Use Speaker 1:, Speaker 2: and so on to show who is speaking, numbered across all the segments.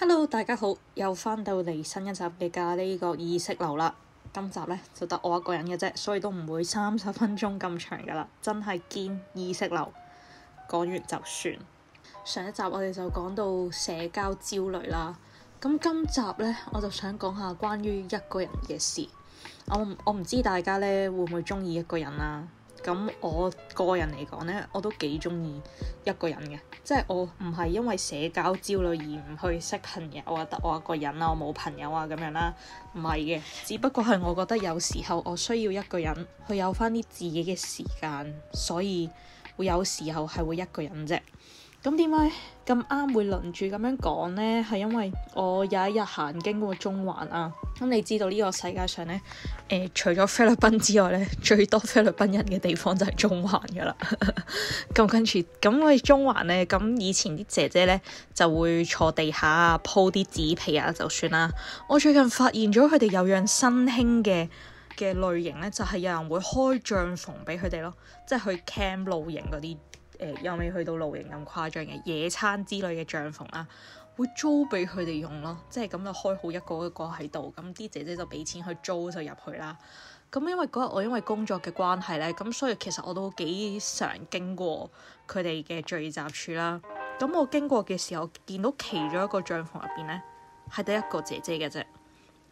Speaker 1: Hello，大家好，又返到嚟新一集嘅《咖喱角意識流》啦。今集咧就得我一個人嘅啫，所以都唔會三十分鐘咁長噶啦。真係堅意識流，講完就算。上一集我哋就講到社交焦慮啦。咁今集咧，我就想講下關於一個人嘅事。我我唔知大家咧會唔會中意一個人啦，啊。咁我個人嚟講呢，我都幾中意一個人嘅，即係我唔係因為社交焦慮而唔去識朋友啊，我得我一個人啊，我冇朋友啊咁樣啦，唔係嘅，只不過係我覺得有時候我需要一個人，去有翻啲自己嘅時間，所以會有時候係會一個人啫。咁點解咁啱會輪住咁樣講呢？係因為我有一日行經嗰個中環啊。咁你知道呢個世界上呢，誒、呃、除咗菲律賓之外呢，最多菲律賓人嘅地方就係中環噶啦。咁 跟住咁我哋中環呢，咁以前啲姐姐呢，就會坐地下啊，鋪啲紙皮啊，就算啦。我最近發現咗佢哋有樣新興嘅嘅類型呢，就係、是、有人會開帳篷俾佢哋咯，即係去 camp 露營嗰啲。誒、呃、又未去到露營咁誇張嘅野餐之類嘅帳篷啦，會租俾佢哋用咯，即係咁就開好一個一個喺度，咁啲姐姐就俾錢去租就入去啦。咁因為嗰日我因為工作嘅關係呢，咁所以其實我都幾常經過佢哋嘅聚集處啦。咁我經過嘅時候見到其中一個帳篷入邊呢，係得一個姐姐嘅啫，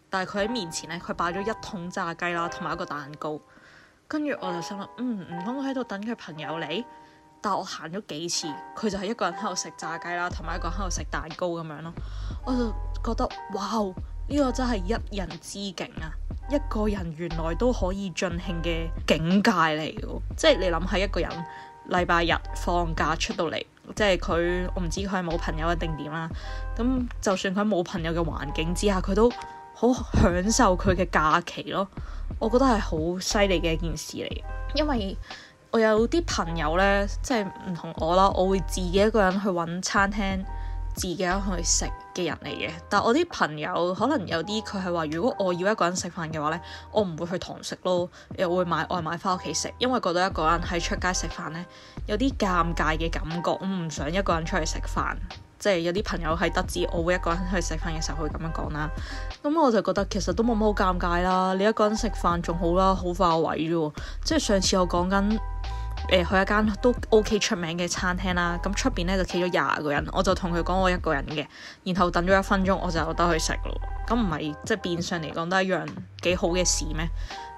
Speaker 1: 但係佢喺面前呢，佢擺咗一桶炸雞啦，同埋一個蛋糕，跟住我就心諗，嗯，唔通我喺度等佢朋友嚟？但我行咗幾次，佢就係一個人喺度食炸雞啦，同埋一個人喺度食蛋糕咁樣咯。我就覺得哇，呢個真係一人之境啊！一個人原來都可以盡興嘅境界嚟嘅，即係你諗喺一,一個人禮拜日放假出到嚟，即係佢我唔知佢係冇朋友一定點啦。咁就算佢冇朋友嘅環境之下，佢都好享受佢嘅假期咯。我覺得係好犀利嘅一件事嚟，因為。我有啲朋友呢，即係唔同我啦。我會自己一個人去揾餐廳，自己一個人去食嘅人嚟嘅。但係我啲朋友可能有啲佢係話，如果我要一個人食飯嘅話呢，我唔會去堂食咯，又會買外賣返屋企食，因為覺得一個人喺出街食飯呢，有啲尷尬嘅感覺，我唔想一個人出去食飯。即係有啲朋友係得知我會一個人去食飯嘅時候，佢咁樣講啦。咁我就覺得其實都冇乜好尷尬啦。你一個人食飯仲好啦，好化位啫。即係上次我講緊。誒、呃、去一間都 OK 出名嘅餐廳啦，咁出邊咧就企咗廿個人，我就同佢講我一個人嘅，然後等咗一分鐘我就有得去食咯。咁唔係即係變相嚟講都係一樣幾好嘅事咩？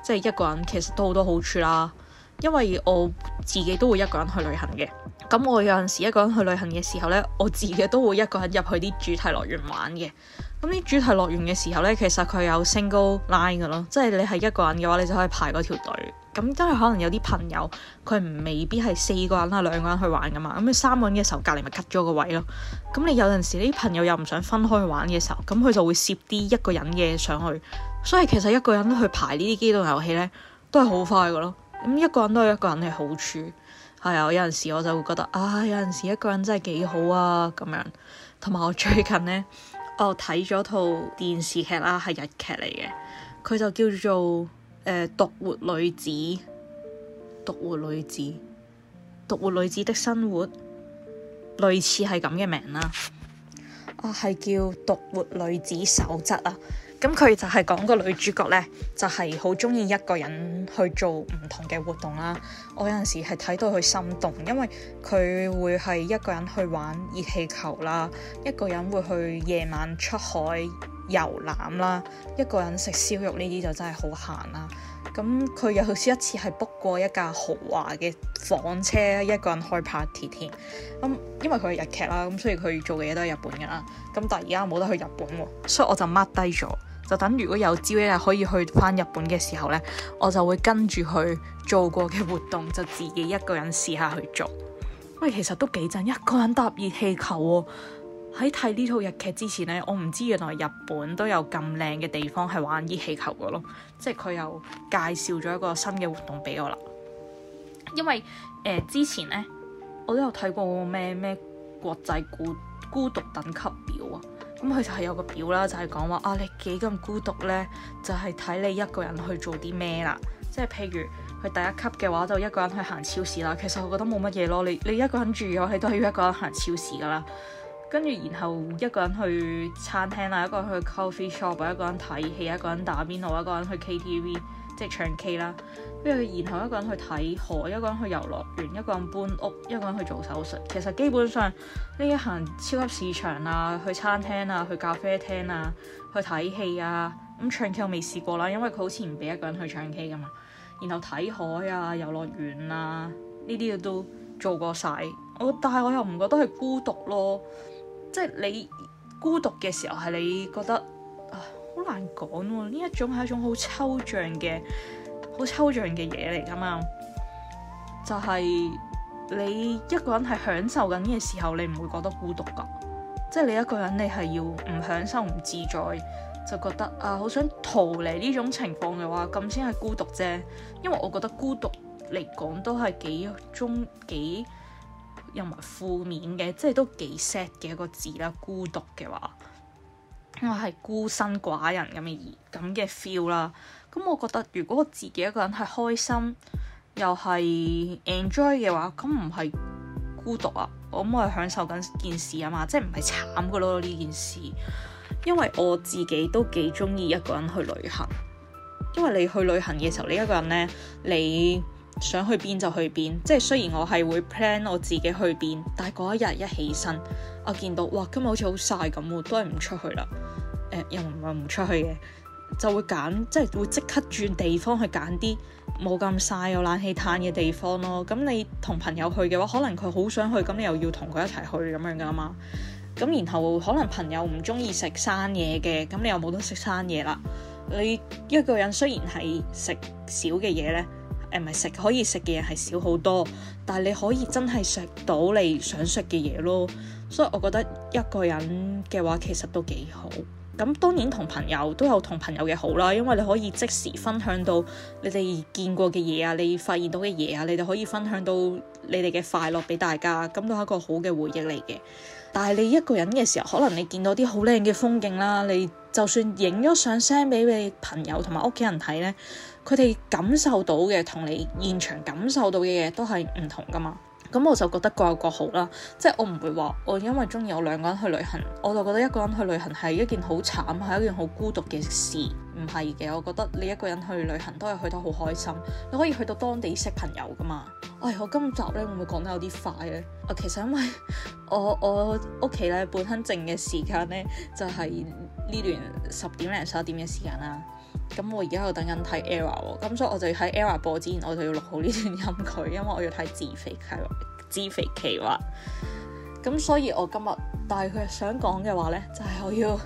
Speaker 1: 即係一個人其實都好多好處啦，因為我自己都會一個人去旅行嘅。咁我有陣時一個人去旅行嘅時候呢，我自己都會一個人入去啲主題樂園玩嘅。咁啲主題樂園嘅時候呢，其實佢有 single line 噶咯，即係你係一個人嘅話，你就可以排嗰條隊。咁真係可能有啲朋友，佢唔未必係四個人啊兩個人去玩噶嘛，咁你三個人嘅時候，隔離咪 cut 咗個位咯。咁你有陣時，你啲朋友又唔想分開玩嘅時候，咁佢就會攝啲一,一個人嘅上去。所以其實一個人去排呢啲機動遊戲呢，都係好快噶咯。咁一個人都有一個人嘅好處，係啊。有陣時我就會覺得啊，有陣時一個人真係幾好啊咁樣。同埋我最近呢，我睇咗套電視劇啦，係日劇嚟嘅，佢就叫做。誒獨、呃、活女子，獨活女子，獨活女子的生活，類似係咁嘅名啦。啊，係、啊、叫獨活女子守則啊。咁佢就係講個女主角呢，就係好中意一個人去做唔同嘅活動啦。我有陣時係睇到佢心動，因為佢會係一個人去玩熱氣球啦，一個人會去夜晚出海遊覽啦，一個人食燒肉呢啲就真係好閒啦。咁佢又好似一次係 book 過一架豪華嘅房車，一個人開 party 添。咁、嗯、因為佢係日劇啦，咁、嗯、所以佢做嘅嘢都係日本㗎啦。咁、嗯、但係而家冇得去日本喎、啊，所以我就 mark 低咗。就等如果有朝一日可以去翻日本嘅時候呢，我就會跟住佢去做過嘅活動，就自己一個人試下去做。喂，其實都幾震，一個人搭熱氣球喎、啊！喺睇呢套日劇之前呢，我唔知原來日本都有咁靚嘅地方係玩熱氣球嘅咯。即係佢又介紹咗一個新嘅活動俾我啦。因為誒、呃、之前呢，我都有睇過咩咩國際孤孤獨等級表啊。咁、嗯、佢就係有個表啦，就係講話啊，你幾咁孤獨呢，就係、是、睇你一個人去做啲咩啦。即係譬如佢第一級嘅話，就一個人去行超市啦。其實我覺得冇乜嘢咯。你你一個人住嘅話，你都係要一個人行超市噶啦。跟住，然後一個人去餐廳啊，一個去 coffee shop，一個人睇戲，一個人打邊爐，一個人去 KTV，即係唱 K 啦。跟住，然後一個人去睇海，一個人去遊樂園，一個人搬屋，一個人去做手術。其實基本上呢一行超級市場啊，去餐廳啊，去咖啡廳啊，去睇戲啊，咁唱 K 我未試過啦，因為佢好似唔俾一個人去唱 K 㗎嘛。然後睇海啊，遊樂園啊，呢啲嘢都做過晒，我但係我又唔覺得係孤獨咯。即係你孤獨嘅時候，係你覺得啊，好難講喎。呢一種係一種好抽象嘅、好抽象嘅嘢嚟㗎嘛。就係你一個人係享受緊嘅時候，你唔會覺得孤獨㗎。即係你一個人，你係要唔享受、唔自在，就覺得啊，好想逃離呢種情況嘅話，咁先係孤獨啫。因為我覺得孤獨嚟講都係幾中幾。中幾又埋負面嘅，即係都幾 sad 嘅一個字啦。孤獨嘅話，我係孤身寡人咁嘅咁嘅 feel 啦。咁我覺得，如果我自己一個人係開心又係 enjoy 嘅話，咁唔係孤獨啊，我咁係享受緊件事啊嘛，即係唔係慘㗎囉呢件事。因為我自己都幾鍾意一個人去旅行，因為你去旅行嘅時候，你一個人呢，你，想去邊就去邊，即係雖然我係會 plan 我自己去邊，但係嗰一日一起身，我見到哇今日好似好曬咁，我都係唔出去啦、呃。又唔係唔出去嘅，就會揀即係會即刻轉地方去揀啲冇咁曬、有冷氣嘆嘅地方咯。咁你同朋友去嘅話，可能佢好想去，咁你又要同佢一齊去咁樣噶嘛。咁然後可能朋友唔中意食生嘢嘅，咁你又冇得食生嘢啦。你一個人雖然係食少嘅嘢呢。誒咪食可以食嘅嘢係少好多，但係你可以真係食到你想食嘅嘢咯，所以我覺得一個人嘅話其實都幾好。咁當然同朋友都有同朋友嘅好啦，因為你可以即時分享到你哋見過嘅嘢啊，你發現到嘅嘢啊，你就可以分享到你哋嘅快樂俾大家，咁都係一個好嘅回憶嚟嘅。但係你一個人嘅時候，可能你見到啲好靚嘅風景啦，你就算影咗相 send 俾你朋友同埋屋企人睇咧，佢哋感受到嘅同你現場感受到嘅嘢都係唔同噶嘛。咁我就覺得各有各好啦，即係我唔會話我因為中意我兩個人去旅行，我就覺得一個人去旅行係一件好慘，係一件好孤獨嘅事。唔係嘅，我覺得你一個人去旅行都係去得好開心。你可以去到當地識朋友噶嘛？哎，我今集咧會唔會講得有啲快咧？啊，其實因為我我屋企咧本身靜嘅時間咧就係呢段十點零十一點嘅時間啦。咁我而家又等緊睇 Era 咁，所以我就要喺 Era 播之前，我就要錄好呢段音佢，因為我要睇自肥企畫自肥企畫。咁所以，我今日但係佢想講嘅話咧，就係我要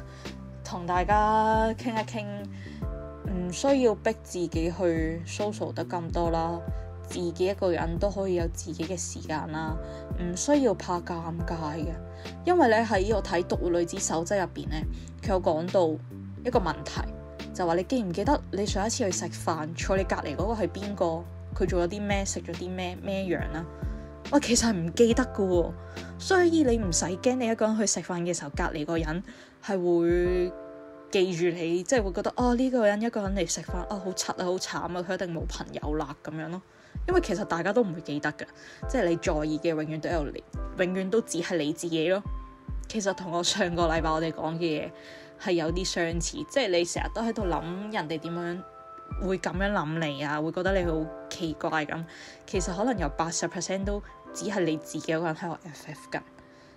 Speaker 1: 同大家傾一傾。唔需要逼自己去 s o 得咁多啦，自己一個人都可以有自己嘅時間啦，唔需要怕尷尬嘅，因為咧喺我睇《獨女子守則》入邊咧，佢有講到一個問題，就話你記唔記得你上一次去食飯坐你隔離嗰個係邊個？佢做咗啲咩？食咗啲咩咩樣啊，我其實係唔記得噶，所以你唔使驚，你一個人去食飯嘅時候，隔離個人係會。記住你，即係會覺得啊呢、哦呢個人一個人嚟食飯啊好柒啊，好慘啊，佢、啊、一定冇朋友啦咁樣咯。因為其實大家都唔會記得嘅，即係你在意嘅永遠都有，永遠都只係你自己咯。其實同我上個禮拜我哋講嘅嘢係有啲相似，即係你成日都喺度諗人哋點樣會咁樣諗你啊，會覺得你好奇怪咁。其實可能有八十 percent 都只係你自己一個人喺度 FF 緊。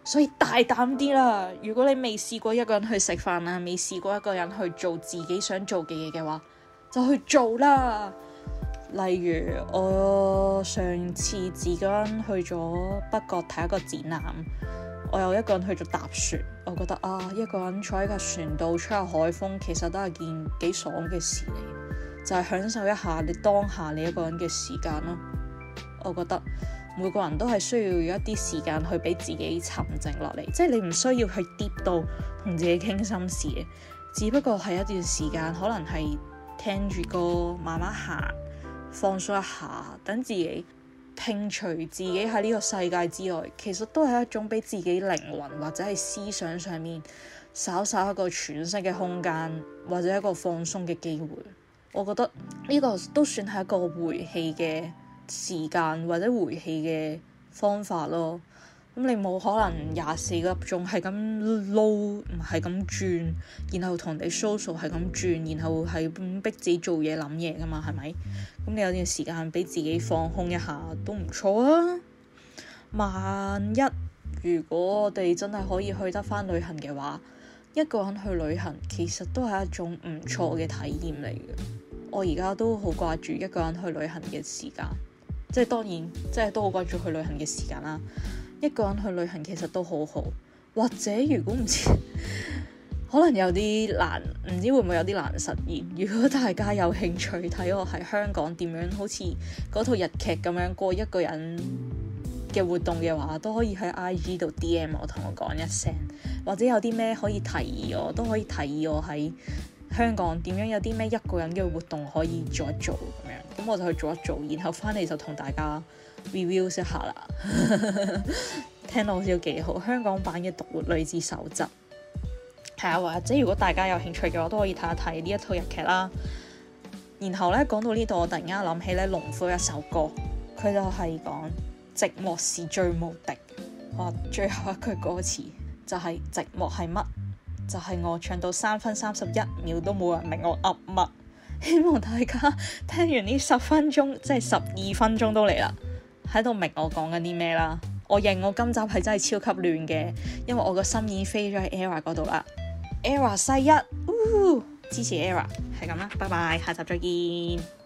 Speaker 1: 所以大膽啲啦！如果你未試過一個人去食飯啊，未試過一個人去做自己想做嘅嘢嘅話，就去做啦。例如我上次自己去咗北角睇一個展覽，我又一個人去咗搭船。我覺得啊，一個人坐喺個船度吹下海風，其實都係件幾爽嘅事嚟，就係享受一下你當下你一個人嘅時間咯。我覺得。每個人都係需要一啲時間去俾自己沉靜落嚟，即係你唔需要去跌到同自己傾心事，只不過係一段時間，可能係聽住歌，慢慢行，放鬆一下，等自己摒除自己喺呢個世界之外，其實都係一種俾自己靈魂或者係思想上面稍稍一個喘息嘅空間，或者一個放鬆嘅機會。我覺得呢個都算係一個回氣嘅時間或者回氣嘅方法咯，咁你冇可能廿四個鐘係咁撈，唔係咁轉，然後同人哋 social 係咁轉，然後係逼自己做嘢諗嘢噶嘛，係咪？咁你有段時間俾自己放空一下都唔錯啊！萬一如果我哋真係可以去得返旅行嘅話，一個人去旅行其實都係一種唔錯嘅體驗嚟嘅。我而家都好掛住一個人去旅行嘅時間。即係當然，即係都好掛住去旅行嘅時間啦。一個人去旅行其實都好好，或者如果唔知，可能有啲難，唔知會唔會有啲難實現。如果大家有興趣睇我喺香港點樣好似嗰套日劇咁樣過一個人嘅活動嘅話，都可以喺 IG 度 DM 我，同我講一聲，或者有啲咩可以提議我，我都可以提議我喺。香港點樣有啲咩一個人嘅活動可以做一做咁樣？咁我就去做一做，然後翻嚟就同大家 review 一下啦。 聽到好似幾好，香港版嘅《獨活女子守則》係啊，或者如果大家有興趣嘅話，都可以睇一睇呢一套日劇啦。然後咧講到呢度，我突然間諗起咧農夫一首歌，佢就係講寂寞是最無敵，啊，最後一句歌詞就係、是、寂寞係乜？就係我唱到三分三十一秒都冇人明我噏乜，希望大家聽完呢十分鐘，即係十二分鐘都嚟啦，喺度明我講緊啲咩啦。我認我今集係真係超級亂嘅，因為我個心已飛咗喺 e r a 嗰度啦。e、ER、r a 西一，嗚、哦，支持 e、ER、r a o r 係咁啦，拜拜，下集再見。